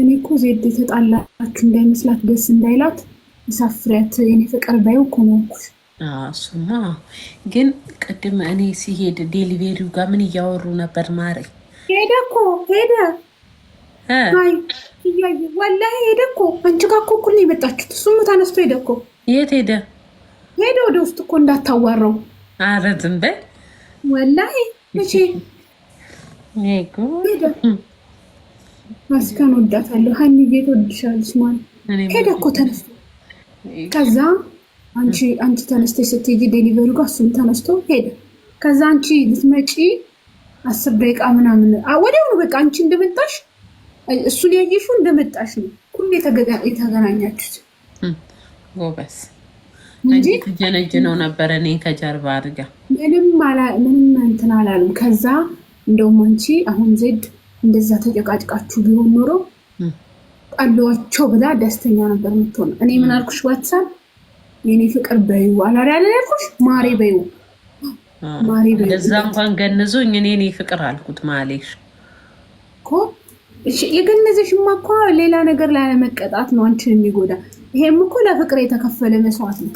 እኔ እኮ ዜድ የተጣላችሁ እንዳይመስላት ደስ እንዳይላት ሳፍሪያት የኔ ፍቅር ባዩ ኮመኩ እሱማ ግን ቅድም እኔ ሲሄድ ዴሊቬሪው ጋር ምን እያወሩ ነበር? ማሪ ሄደ እኮ ሄደ ወላ ሄደ እኮ አንቺ ጋር እኮ እኩል ነው የመጣችሁት። እሱም ተነስቶ ሄደ እኮ። የት ሄደ? ሄደ ወደ ውስጥ እኮ እንዳታዋራው። ኧረ ዝም በይ መቼ ሄደ አስካን ወዳታለሁ ሀኒ ቤት ወድሻለች ማለት ሄደ እኮ ተነስቶ፣ ከዛ አንቺ አንቺ ተነስተሽ ስትሄጂ ዴሊቨሪ ጋር እሱም ተነስቶ ሄደ። ከዛ አንቺ ልትመጪ አስር ደቂቃ ምናምን ወዲያውኑ በቃ አንቺ እንደመጣሽ እሱ ሊያየሽው እንደመጣሽ ነው ሁሉ የተገናኛችሁት ጎበስ እንጂ ጀነጅነው ነበረ። እኔ ከጀርባ አድርጋ ምንም ምንም እንትን አላለም። ከዛ እንደውም አንቺ አሁን ዜድ እንደዛ ተጨቃጭቃችሁ ቢሆን ኖሮ ጣለዋቸው ብላ ደስተኛ ነበር የምትሆነው። እኔ ምን አልኩሽ? ዋትሳን የኔ ፍቅር በዩ አላሪ ያለ ያልኩሽ ማሬ በዩ ማሬ በይው። እዛ እንኳን ገንዞኝ እኔ እኔ ፍቅር አልኩት ማሌሽ እኮ የገነዘሽማ እኮ ሌላ ነገር ላለመቀጣት ነው አንቺን የሚጎዳ። ይሄም እኮ ለፍቅር የተከፈለ መስዋዕት ነው።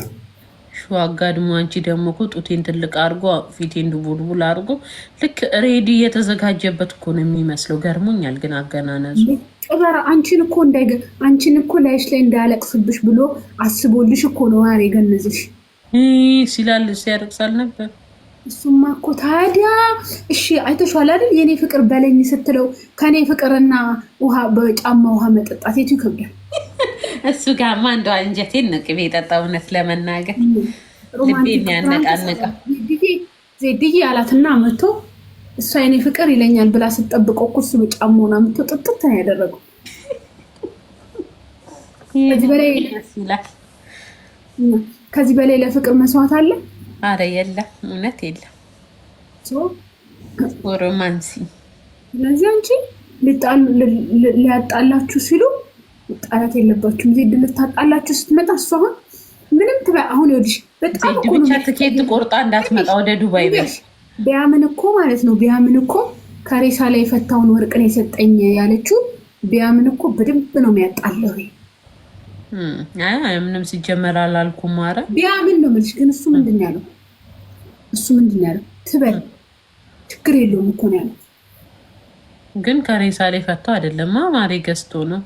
አጋድሞ አንቺ ደግሞ እኮ ጡቴን ትልቅ አድርጎ ፊቴን ድቡልቡል አድርጎ ልክ ሬዲ የተዘጋጀበት እኮ ነው የሚመስለው። ገርሞኛል ግን አገናነዙ ጭበራ አንቺን እኮ እንዳይገ አንቺን እኮ ላይሽ ላይ እንዳያለቅስብሽ ብሎ አስቦልሽ እኮ ነው ያ የገነዝሽ ሲላል ሲያረቅሳል ነበር። እሱማ እኮ ታዲያ እሺ አይተሽዋል አይደል? የኔ ፍቅር በለኝ ስትለው ከእኔ ፍቅርና ውሃ በጫማ ውሃ መጠጣት የቱ ይከብዳል? እሱ ጋማ እንደው አንጀቴን ነው ቅቤ የጠጣው። እውነት ለመናገር ልቤን ያነቃነቀው ዜድዬ አላትና መቶ እሷ አይኔ ፍቅር ይለኛል ብላ ስጠብቀው እኮ እሱ በጫማውና መቶ ጥጥት ነው ያደረገው። ከዚህ በላይ ለፍቅር መስዋዕት አለ? አረ የለም፣ እውነት የለም። ሮማንሲ ስለዚህ አንቺ ሊያጣላችሁ ሲሉ መጣላት የለባችሁም። ዜድ ልታጣላችሁ ስትመጣ እሷ አሁን ምንም ትበ አሁን ይኸውልሽ በጣም ብቻ ትኬት ቆርጣ እንዳትመጣ ወደ ዱባይ በሽ ቢያምን እኮ ማለት ነው ቢያምን እኮ ከሬሳ ላይ የፈታውን ወርቅ ነው የሰጠኝ ያለችው። ቢያምን እኮ በደንብ ነው የሚያጣለው። ምንም ሲጀመር አላልኩም። ማረ ቢያምን ነው የምልሽ። ግን እሱ ምንድን ነው ያለው? እሱ ምንድን ነው ያለው? ትበል ችግር የለውም እኮ ነው ያለው። ግን ከሬሳ ላይ ፈታው አይደለማ ማሬ ገዝቶ ነው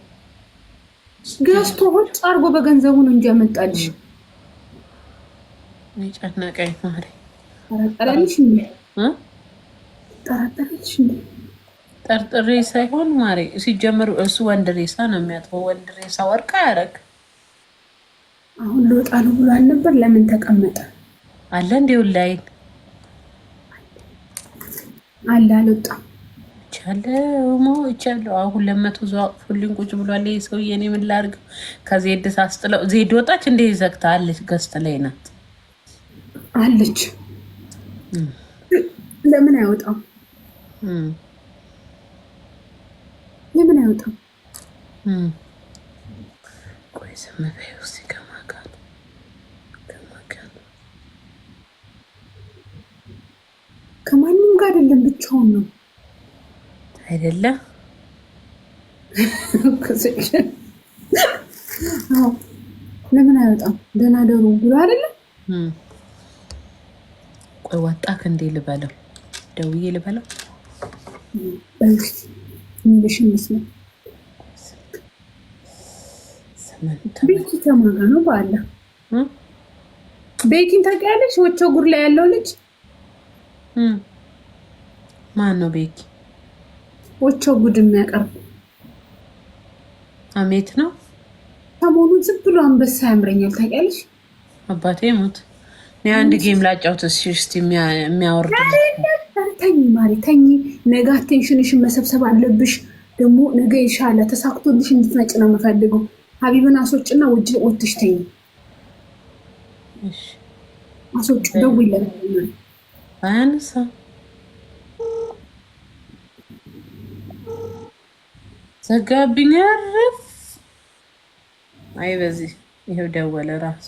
ገዝቶ ሁጭ አርጎ በገንዘቡ ነው እንጂ ያመልጣልሽ። ጨነቀኝ ማርያም። ጠረጠረልሽ እንዴ? ጠረጠረልሽ እንዴ? ጠርጥሬ ሳይሆን ማሬ፣ ሲጀምር እሱ ወንድ ሬሳ ነው የሚያጥበው። ወንድ ሬሳ ወርቅ አያረግ። አሁን ልወጣ ነው ብሎ አልነበር? ለምን ተቀመጠ? አለ እንዲሁ ላይን አለ አልወጣም ሞቻለሁ ሞቻለሁ። አሁን ለመቶ ሁሉን ቁጭ ብሏል ይህ ሰውዬ። እኔ ምን ላድርገው? ከዜድ ሳስጥለው ዜድ ወጣች። እንደ ዘግታ አለች። ገስት ላይ ናት አለች። ለምን አይወጣም? ለምን አይወጣም? ቆይ ዝም በይው እስኪ ከማንም ጋር አይደለም ብቻውን ነው አይደለ? ለምን አይወጣም? ደህና ደሩ ብሎ አይደለ? ቆይ ወጣክ እንዴ ልበለው? ደውዬ ልበለው? ቤኪ ከማጋ ነው ቤኪን ታውቂያለሽ? ላይ ያለው ልጅ ማን ነው ቤኪ? ወቾ ጉድ የሚያቀርቡ አሜት ነው። ሰሞኑን ዝም ብሎ አንበሳ ያምረኛል። ታውቂያለሽ አባቴ ሞት እኔ አንድ ጌም ላጫውት እስቲ የሚያወርድ ተኝ ማሪ ተኝ። ነገ አቴንሽንሽን መሰብሰብ አለብሽ። ደግሞ ነገ ይሻለ ተሳክቶልሽ እንድትነጭ ነው የምፈልገው። ሀቢብን አስወጭና ውጭ ወጥሽ ተኝ። አስወጭ ደውይለን አያነሳም ዘጋብኝ። አረፍ አይ በዚህ ይሄው ደወለ ራሱ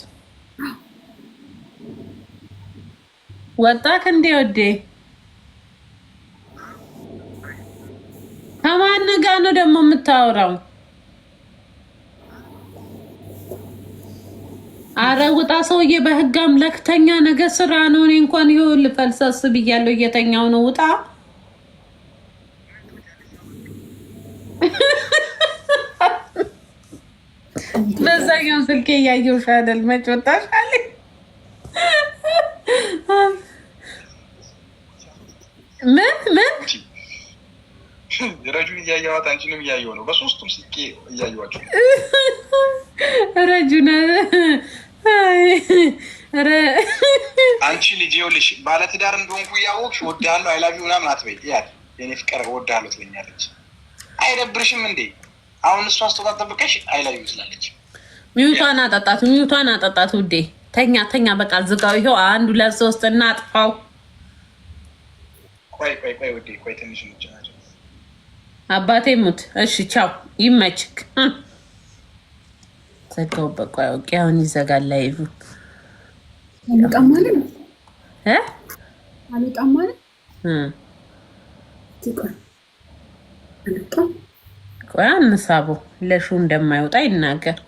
ወጣክ እንዴ ወዴ ከማን ጋር ነው ደግሞ የምታወራው? አረ ውጣ ሰውዬ፣ በህግ አምላክተኛ ነገ ስራ ነው። እኔ እንኳን ይሁን ፈልሰስ ብያለሁ፣ እየተኛው ነው። ውጣ የትኛውን ስልኬ እያየሁሽ አይደል? መች ወጣሽ አለኝ። ምን ምን ረጁን እያየኋት አንቺንም እያየሁ ነው። በሶስቱም ስልኬ እያየኋቸው ረጁን አንቺ ልጅ ይኸውልሽ ባለትዳር እንደሆንኩ እያወቅሽ እወድሃለሁ አይላቪው ምናምን አትበይ። ያት የኔ ፍቅር እወድሃለሁ ትለኛለች። አይደብርሽም እንዴ? አሁን እሷ አስተጣጠብቀሽ አይላቪው ስላለች ሚዩቷን አጠጣት፣ አጠጣት። ውዴ ተኛ ተኛ፣ በቃ ዝጋው። ይኸው እና አጥፋው። አባቴ ሙት። እሺ ቻው፣ ይመችክ። ዘጋው በቃ አሁን ይዘጋል ላይቭ ቆያ እንሳቦ ለሹ እንደማይወጣ ይናገር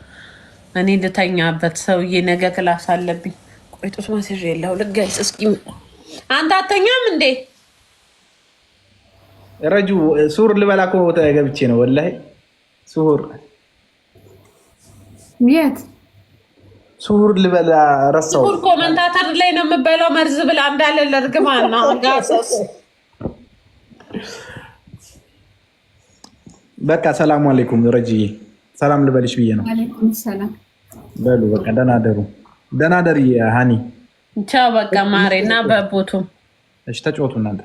እኔ ልተኛበት። ሰውዬ ነገ ክላስ አለብኝ። ቆይ ጡት ማስያዣ የለው ልገልጽ እስኪ። አንተ አተኛም እንዴ ረጁ? ሱር ልበላ እኮ ቦታ ገብቼ ነው ወላሂ። ሱር የት ሱር ልበላ ረሳሁ። ሱር ኮመንታተር ላይ ነው የምበላው። መርዝ ብላ እንዳለ ለእርግማን ነው ጋሰስ በቃ ሰላሙ አለይኩም ረጅዬ ሰላም ልበልሽ ብዬ ነው። በሉ በቃ ደህና ደሩ። ደህና ደር ሃኒ። ቻው በቃ ማሬ እና በቦቱ እሺ፣ ተጫወቱ እናንተ።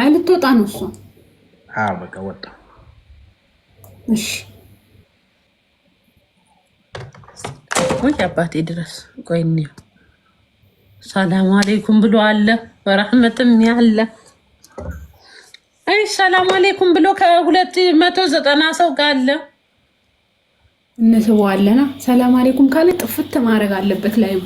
አይ ልትወጣ ነው እሱ። አዎ በቃ ወጣ። እሺ ወይ አባቴ ድረስ ቆይኔ። ሰላም አሌይኩም ብሎ አለ በረህመትም ያለ ሰላም አለይኩም ብሎ ከሁለት መቶ ዘጠና ሰው ጋር አለ እንስበዋለና። ሰላም አሌይኩም ካለ ጥፍት ማድረግ አለበት ላይቡ